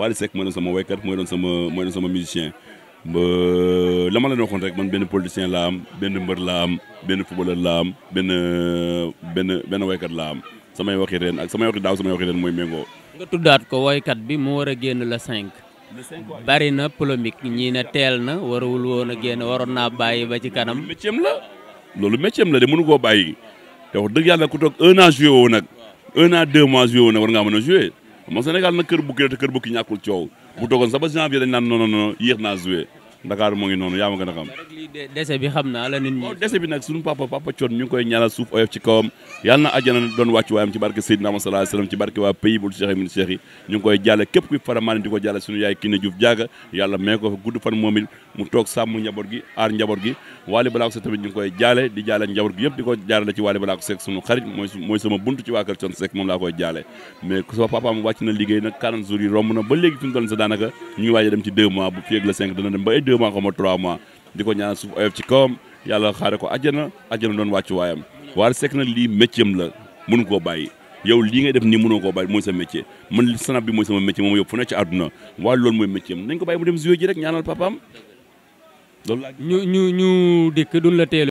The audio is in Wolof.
Wally Seck mooy doon sama waykat mooy doon sama mooy sama musicien ba la ma leen waxoon rek man benn politicien laa am benn mbër laa am benn footballeur laa am benn benn benn waykat laa am samay waxi reen ak samay waxi daaw samay waxi reen mooy méngoo. nga tuddaat ko woykat bi mu war a génn la 5. bari na polémique ñii ne teel na warul woon génn waroon naa bàyyi ba ci kanam. métier la loolu métier la de mënu koo bàyyi te wax dëgg yàlla ku toog un an joué woo nag un an deux mois joué woo nag war ngaa mën a xam nga Sénégal nag kër bukki la te kër bukki ñàkkul coow bu toogoon sax ba janvier dañ naan non non non yéex naa Dakar moo ngi noonu yaa ma gën a xam. dese bi xam naa la moom laa koy jaale mais papaam wàcc na liggéey nag 40 jours romb na ba léegi fi mu toll sa daanaka ñu ngi waaj dem ci 2 mois bu fi ak le 5 dana dem ba deux mois xaw ma trois mois di ko ñaan suuf oyof ci kawam yàlla xaare ko àjjana àjjana doon wàccu waayam Wally Seck na lii métier la mënu koo bàyyi yow lii ngay def nii mënoo koo bàyyi mooy sa métier man sanab bi mooy sama métier moom yóbbu fu ne ci àdduna waaye loolu mooy métier nañ ko bàyyi mu dem jouer rek ñaanal papaam ñu ñu ñu dikk duñ la teel